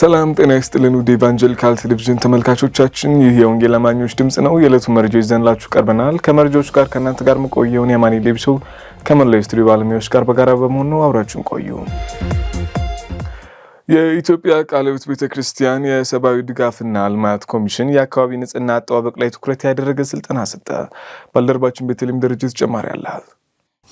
ሰላም ጤና ይስጥልን ውድ ኢቫንጀሊካል ቴሌቪዥን ተመልካቾቻችን፣ ይህ የወንጌል አማኞች ድምጽ ነው። የዕለቱ መረጃዎች ይዘንላችሁ ቀርበናል። ከመረጃዎቹ ጋር ከእናንተ ጋር መቆየውን የማኔ ሌብሶ ከመላው ስቱዲዮ ባለሙያዎች ጋር በጋራ በመሆን ነው። አብራችሁን ቆዩ። የኢትዮጵያ ቃለ ሕይወት ቤተ ክርስቲያን የሰብአዊ ድጋፍና ልማት ኮሚሽን የአካባቢ ንጽህና አጠባበቅ ላይ ትኩረት ያደረገ ስልጠና ሰጠ። ባልደረባችን ቤተልሔም ደረጀ ተጨማሪ አላት።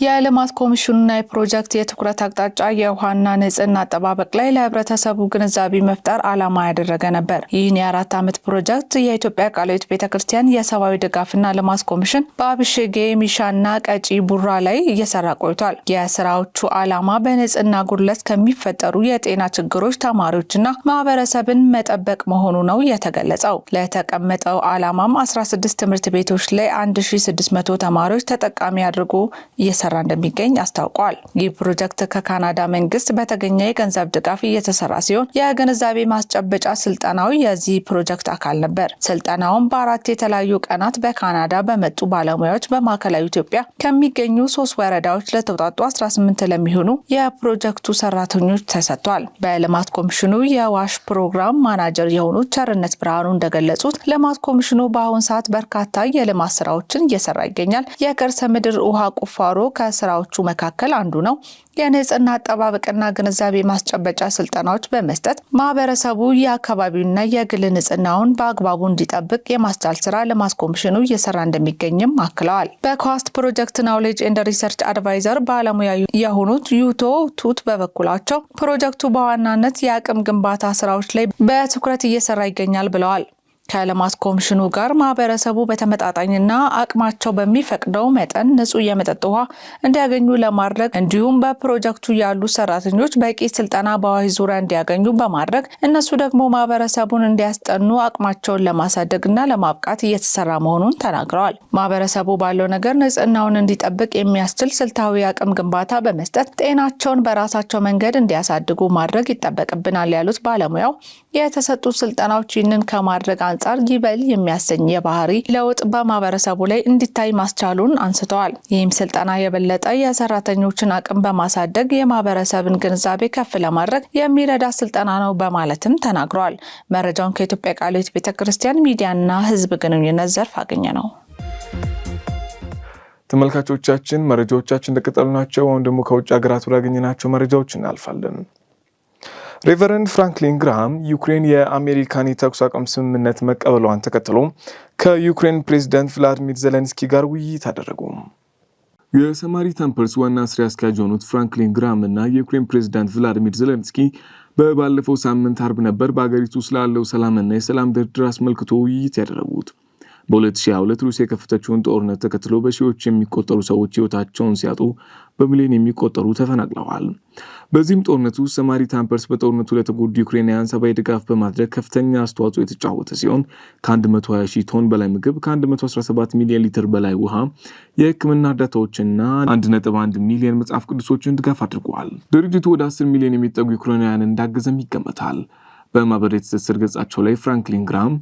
የልማት ኮሚሽኑና የፕሮጀክት የትኩረት አቅጣጫ የውሃና ንጽህና አጠባበቅ ላይ ለህብረተሰቡ ግንዛቤ መፍጠር ዓላማ ያደረገ ነበር። ይህን የአራት ዓመት ፕሮጀክት የኢትዮጵያ ቃላዊት ቤተ ክርስቲያን የሰብአዊ ድጋፍና ልማት ኮሚሽን በአብሽጌ ሚሻና ቀጪ ቡራ ላይ እየሰራ ቆይቷል። የስራዎቹ ዓላማ በንጽህና ጉድለት ከሚፈጠሩ የጤና ችግሮች ተማሪዎችና ማህበረሰብን መጠበቅ መሆኑ ነው የተገለጸው። ለተቀመጠው ዓላማም 16 ትምህርት ቤቶች ላይ 1600 ተማሪዎች ተጠቃሚ አድርጎ እየሰራ እየተሰራ እንደሚገኝ አስታውቋል። ይህ ፕሮጀክት ከካናዳ መንግስት በተገኘ የገንዘብ ድጋፍ እየተሰራ ሲሆን የግንዛቤ ማስጨበጫ ስልጠናው የዚህ ፕሮጀክት አካል ነበር። ስልጠናውን በአራት የተለያዩ ቀናት በካናዳ በመጡ ባለሙያዎች በማዕከላዊ ኢትዮጵያ ከሚገኙ ሶስት ወረዳዎች ለተውጣጡ 18 ለሚሆኑ የፕሮጀክቱ ሰራተኞች ተሰጥቷል። በልማት ኮሚሽኑ የዋሽ ፕሮግራም ማናጀር የሆኑት ቸርነት ብርሃኑ እንደገለጹት ልማት ኮሚሽኑ በአሁኑ ሰዓት በርካታ የልማት ስራዎችን እየሰራ ይገኛል። የከርሰ ምድር ውሃ ቁፋሮ ከስራዎቹ መካከል አንዱ ነው። የንጽህና አጠባበቅና ግንዛቤ ማስጨበጫ ስልጠናዎች በመስጠት ማህበረሰቡ የአካባቢውና የግል ንጽህናውን በአግባቡ እንዲጠብቅ የማስቻል ስራ ለማስ ኮሚሽኑ እየሰራ እንደሚገኝም አክለዋል። በኮስት ፕሮጀክት ናውሌጅ ኤንድ ሪሰርች አድቫይዘር ባለሙያ የሆኑት ዩቶ ቱት በበኩላቸው ፕሮጀክቱ በዋናነት የአቅም ግንባታ ስራዎች ላይ በትኩረት እየሰራ ይገኛል ብለዋል። ከልማት ኮሚሽኑ ጋር ማህበረሰቡ በተመጣጣኝና አቅማቸው በሚፈቅደው መጠን ንጹህ የመጠጥ ውሃ እንዲያገኙ ለማድረግ እንዲሁም በፕሮጀክቱ ያሉ ሰራተኞች በቂ ስልጠና በአዋሽ ዙሪያ እንዲያገኙ በማድረግ እነሱ ደግሞ ማህበረሰቡን እንዲያስጠኑ አቅማቸውን ለማሳደግና ለማብቃት እየተሰራ መሆኑን ተናግረዋል። ማህበረሰቡ ባለው ነገር ንጽህናውን እንዲጠብቅ የሚያስችል ስልታዊ አቅም ግንባታ በመስጠት ጤናቸውን በራሳቸው መንገድ እንዲያሳድጉ ማድረግ ይጠበቅብናል ያሉት ባለሙያው የተሰጡ ስልጠናዎች ይህንን ከማድረግ አንጻር ይበል የሚያሰኝ የባህሪ ለውጥ በማህበረሰቡ ላይ እንዲታይ ማስቻሉን አንስተዋል። ይህም ስልጠና የበለጠ የሰራተኞችን አቅም በማሳደግ የማህበረሰብን ግንዛቤ ከፍ ለማድረግ የሚረዳ ስልጠና ነው በማለትም ተናግረዋል። መረጃውን ከኢትዮጵያ ቃልዮት ቤተ ክርስቲያን ሚዲያና ሕዝብ ግንኙነት ዘርፍ አገኘ ነው። ተመልካቾቻችን መረጃዎቻችን እንደቀጠሉ ናቸው። አሁን ደግሞ ከውጭ ሀገራት ወዳገኘናቸው መረጃዎች እናልፋለን። ሬቨረንድ ፍራንክሊን ግራሃም ዩክሬን የአሜሪካን የተኩስ አቁም ስምምነት መቀበሏን ተከትሎ ከዩክሬን ፕሬዚደንት ቭላድሚር ዘለንስኪ ጋር ውይይት አደረጉ። የሰማሪ ታምፐርስ ዋና ስራ አስኪያጅ የሆኑት ፍራንክሊን ግራሃም እና የዩክሬን ፕሬዚዳንት ቭላዲሚር ዘለንስኪ በባለፈው ሳምንት አርብ ነበር በአገሪቱ ስላለው ሰላምና የሰላም ድርድር አስመልክቶ ውይይት ያደረጉት። በ2022 ሩሲያ የከፈተችውን ጦርነት ተከትሎ በሺዎች የሚቆጠሩ ሰዎች ህይወታቸውን ሲያጡ በሚሊዮን የሚቆጠሩ ተፈናቅለዋል። በዚህም ጦርነት ውስጥ ሰማሪ ታምፐርስ በጦርነቱ ለተጎዱ ዩክሬናውያን ሰብአዊ ድጋፍ በማድረግ ከፍተኛ አስተዋጽኦ የተጫወተ ሲሆን ከ120 ሺህ ቶን በላይ ምግብ፣ ከ117 ሚሊዮን ሊትር በላይ ውሃ፣ የህክምና እርዳታዎችና 1.1 ሚሊዮን መጽሐፍ ቅዱሶችን ድጋፍ አድርጓል። ድርጅቱ ወደ 10 ሚሊዮን የሚጠጉ ዩክሬናውያን እንዳገዘም ይገመታል። በማህበራዊ ትስስር ገጻቸው ላይ ፍራንክሊን ግራም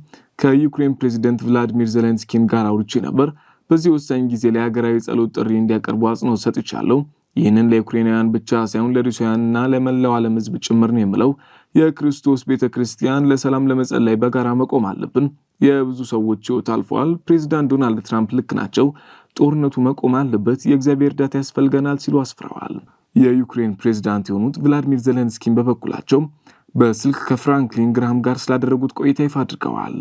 ከዩክሬን ፕሬዚደንት ቭላዲሚር ዜሌንስኪን ጋር አውርቼ ነበር። በዚህ ወሳኝ ጊዜ ላይ ሀገራዊ ጸሎት ጥሪ እንዲያቀርቡ አጽንኦት ሰጥቻለሁ። ይህንን ለዩክሬናውያን ብቻ ሳይሆን ለሩሲያውያንና ለመላው ዓለም ሕዝብ ጭምር ነው የምለው። የክርስቶስ ቤተ ክርስቲያን ለሰላም ለመጸለይ በጋራ መቆም አለብን። የብዙ ሰዎች ሕይወት አልፈዋል። ፕሬዚዳንት ዶናልድ ትራምፕ ልክ ናቸው። ጦርነቱ መቆም አለበት። የእግዚአብሔር እርዳታ ያስፈልገናል ሲሉ አስፍረዋል። የዩክሬን ፕሬዝዳንት የሆኑት ቭላዲሚር ዜሌንስኪን በበኩላቸው በስልክ ከፍራንክሊን ግርሃም ጋር ስላደረጉት ቆይታ ይፋ አድርገዋል።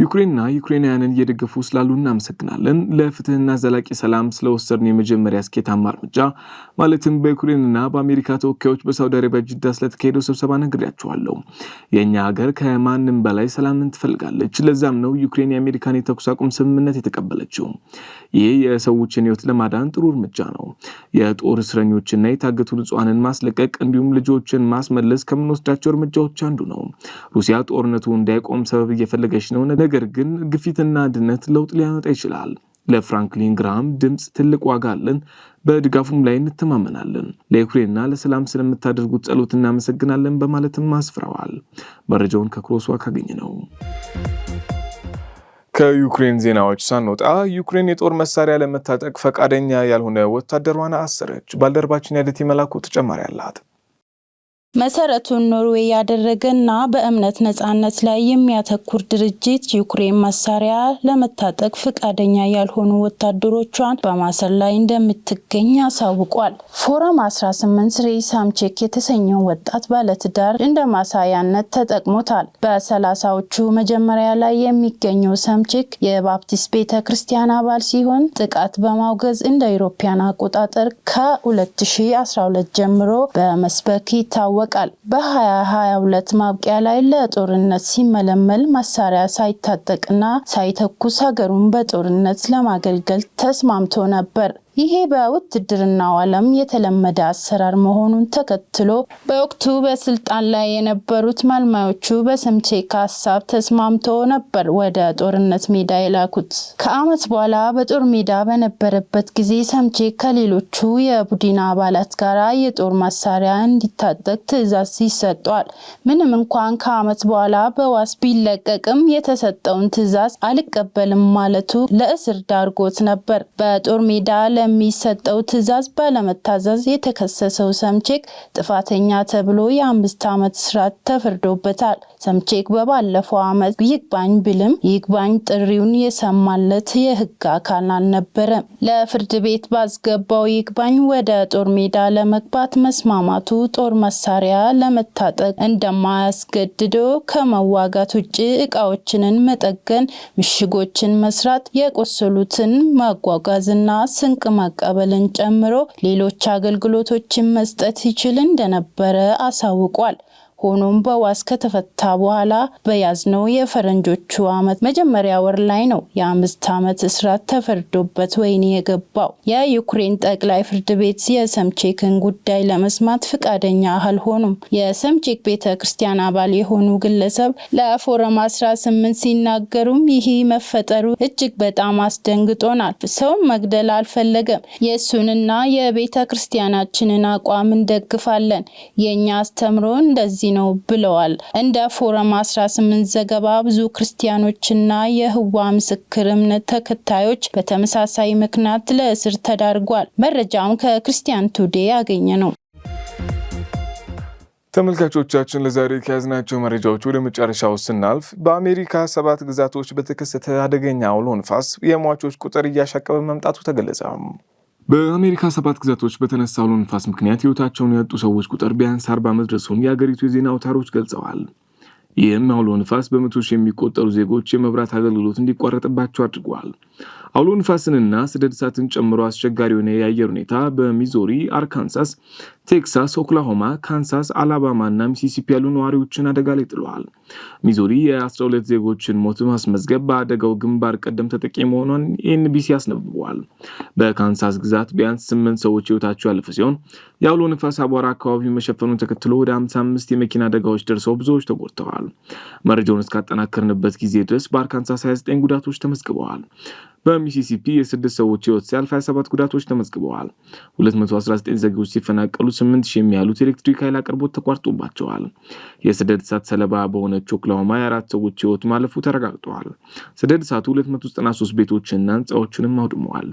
ዩክሬንና ዩክሬናውያንን እየደገፉ ስላሉ እናመሰግናለን። ለፍትህና ዘላቂ ሰላም ስለወሰድን የመጀመሪያ ስኬታማ እርምጃ ማለትም በዩክሬንና በአሜሪካ ተወካዮች በሳውዲ አረቢያ ጅዳ ስለተካሄደው ስብሰባ ነግሬያቸዋለሁ። የእኛ ሀገር ከማንም በላይ ሰላምን ትፈልጋለች። ለዛም ነው ዩክሬን የአሜሪካን የተኩስ አቁም ስምምነት የተቀበለችው። ይህ የሰዎችን ህይወት ለማዳን ጥሩ እርምጃ ነው። የጦር እስረኞችና የታገቱ ንጹሐንን ማስለቀቅ እንዲሁም ልጆችን ማስመለስ ከምንወስዳቸው እርምጃዎች አንዱ ነው። ሩሲያ ጦርነቱ እንዳይቆም ሰበብ እየፈለገች ነው። ነገር ግን ግፊትና አንድነት ለውጥ ሊያመጣ ይችላል። ለፍራንክሊን ግራም ድምፅ ትልቅ ዋጋ አለን። በድጋፉም ላይ እንተማመናለን። ለዩክሬንና ለሰላም ስለምታደርጉት ጸሎት እናመሰግናለን በማለትም አስፍረዋል። መረጃውን ከክሮስዋክ አገኘ ነው። ከዩክሬን ዜናዎች ሳንወጣ ዩክሬን የጦር መሳሪያ ለመታጠቅ ፈቃደኛ ያልሆነ ወታደሯን አሰረች። ባልደረባችን ያደት የመላኩ ተጨማሪ አላት። መሰረቱን ኖርዌይ ያደረገ እና በእምነት ነጻነት ላይ የሚያተኩር ድርጅት ዩክሬን መሳሪያ ለመታጠቅ ፍቃደኛ ያልሆኑ ወታደሮቿን በማሰር ላይ እንደምትገኝ አሳውቋል። ፎረም 18 ሬይ ሳምቼክ የተሰኘውን ወጣት ባለትዳር እንደ ማሳያነት ተጠቅሞታል። በሰላሳዎቹ መጀመሪያ ላይ የሚገኘው ሳምቼክ የባፕቲስት ቤተ ክርስቲያን አባል ሲሆን ጥቃት በማውገዝ እንደ አውሮፓውያን አቆጣጠር ከ2012 ጀምሮ በመስበክ ይታወቃል። ይታወቃል። በ2022 ማብቂያ ላይ ለጦርነት ሲመለመል መሳሪያ ሳይታጠቅና ሳይተኩስ ሀገሩን በጦርነት ለማገልገል ተስማምቶ ነበር። ይሄ በውትድርናው ዓለም የተለመደ አሰራር መሆኑን ተከትሎ በወቅቱ በስልጣን ላይ የነበሩት ማልማዮቹ በሰምቼክ ሀሳብ ተስማምቶ ነበር ወደ ጦርነት ሜዳ የላኩት። ከዓመት በኋላ በጦር ሜዳ በነበረበት ጊዜ ሰምቼ ከሌሎቹ የቡድን አባላት ጋር የጦር መሳሪያ እንዲታጠቅ ትዕዛዝ ይሰጧል። ምንም እንኳን ከዓመት በኋላ በዋስ ቢለቀቅም የተሰጠውን ትዕዛዝ አልቀበልም ማለቱ ለእስር ዳርጎት ነበር። በጦር ሜዳ ለሚሰጠው ትዕዛዝ ባለመታዘዝ የተከሰሰው ሰምቼክ ጥፋተኛ ተብሎ የአምስት ዓመት እስራት ተፈርዶበታል። ሰምቼክ በባለፈው ዓመት ይግባኝ ብልም ይግባኝ ጥሪውን የሰማለት የህግ አካል አልነበረም። ለፍርድ ቤት ባስገባው ይግባኝ ወደ ጦር ሜዳ ለመግባት መስማማቱ ጦር መሳሪያ ለመታጠቅ እንደማያስገድደው ከመዋጋት ውጭ እቃዎችንን መጠገን፣ ምሽጎችን መስራት፣ የቆሰሉትን ማጓጓዝና ስንቅ መቀበልን ጨምሮ ሌሎች አገልግሎቶችን መስጠት ይችል እንደነበረ አሳውቋል። ሆኖም በዋስ ከተፈታ በኋላ በያዝነው የፈረንጆቹ ዓመት መጀመሪያ ወር ላይ ነው የአምስት ዓመት እስራት ተፈርዶበት ወህኒ የገባው። የዩክሬን ጠቅላይ ፍርድ ቤት የሰምቼክን ጉዳይ ለመስማት ፍቃደኛ አልሆኑም። የሰምቼክ ቤተ ክርስቲያን አባል የሆኑ ግለሰብ ለፎረም 18 ሲናገሩም ይህ መፈጠሩ እጅግ በጣም አስደንግጦናል። ሰውም መግደል አልፈለገም። የእሱንና የቤተ ክርስቲያናችንን አቋም እንደግፋለን። የእኛ አስተምሮ እንደዚህ ነው ብለዋል። እንደ ፎረም 18 ዘገባ ብዙ ክርስቲያኖችና የህዋ ምስክር እምነት ተከታዮች በተመሳሳይ ምክንያት ለእስር ተዳርጓል። መረጃውን ከክርስቲያን ቱዴ ያገኘ ነው። ተመልካቾቻችን ለዛሬ ከያዝናቸው መረጃዎች ወደ መጨረሻው ስናልፍ በአሜሪካ ሰባት ግዛቶች በተከሰተ አደገኛ አውሎ ንፋስ የሟቾች ቁጥር እያሻቀበ መምጣቱ ተገለጸ። በአሜሪካ ሰባት ግዛቶች በተነሳ አውሎ ንፋስ ምክንያት ህይወታቸውን ያጡ ሰዎች ቁጥር ቢያንስ አርባ መድረሱን የአገሪቱ የዜና አውታሮች ገልጸዋል። ይህም አውሎ ንፋስ በመቶ ሺህ የሚቆጠሩ ዜጎች የመብራት አገልግሎት እንዲቋረጥባቸው አድርጓል። አውሎ ንፋስንና ስደድ እሳትን ጨምሮ አስቸጋሪ የሆነ የአየር ሁኔታ በሚዞሪ፣ አርካንሳስ፣ ቴክሳስ፣ ኦክላሆማ፣ ካንሳስ፣ አላባማ እና ሚሲሲፒ ያሉ ነዋሪዎችን አደጋ ላይ ጥለዋል። ሚዞሪ የ12 ዜጎችን ሞት ማስመዝገብ በአደጋው ግንባር ቀደም ተጠቂ መሆኗን ኤንቢሲ አስነብቧል። በካንሳስ ግዛት ቢያንስ ስምንት ሰዎች ህይወታቸው ያለፈ ሲሆን የአውሎ ንፋስ አቧራ አካባቢ መሸፈኑን ተከትሎ ወደ 55 የመኪና አደጋዎች ደርሰው ብዙዎች ተጎድተዋል። ተናግረዋል። መረጃውን እስካጠናከርንበት ጊዜ ድረስ በአርካንሳስ 29 ጉዳቶች ተመዝግበዋል። በሚሲሲፒ የስድስት ሰዎች ህይወት ሲያልፍ 27 ጉዳቶች ተመዝግበዋል። 219 ዜጎች ሲፈናቀሉ 8000 የሚያሉት ኤሌክትሪክ ኃይል አቅርቦት ተቋርጦባቸዋል። የስደት እሳት ሰለባ በሆነች ኦክላሆማ የአራት ሰዎች ህይወት ማለፉ ተረጋግጠዋል። ሰደድ እሳቱ 293 ቤቶችንና ህንፃዎችንም አውድመዋል።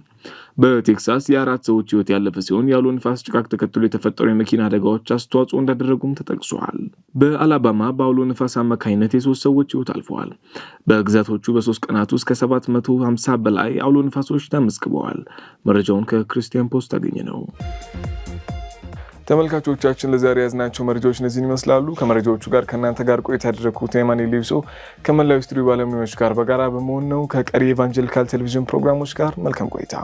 በቴክሳስ የአራት ሰዎች ህይወት ያለፈ ሲሆን ያሉ ንፋስ ጭቃቅ ተከትሎ የተፈጠሩ የመኪና አደጋዎች አስተዋጽኦ እንዳደረጉም ተጠቅሷል። በአላባማ በአውሎ ነፋስ አማካኝነት የሶስት ሰዎች ህይወት አልፈዋል። በግዛቶቹ በሶስት ቀናት ውስጥ ከሰባት መቶ 750 በላይ አውሎ ነፋሶች ተመዝግበዋል። መረጃውን ከክርስቲያን ፖስት አገኘ ነው። ተመልካቾቻችን ለዛሬ ያዝናቸው መረጃዎች እነዚህን ይመስላሉ። ከመረጃዎቹ ጋር ከእናንተ ጋር ቆይታ ያደረግኩት የማኔ ሌብሶ ከመላዊ ስቱዲዮ ባለሙያዎች ጋር በጋራ በመሆን ነው። ከቀሪ ኤቫንጀሊካል ቴሌቪዥን ፕሮግራሞች ጋር መልካም ቆይታ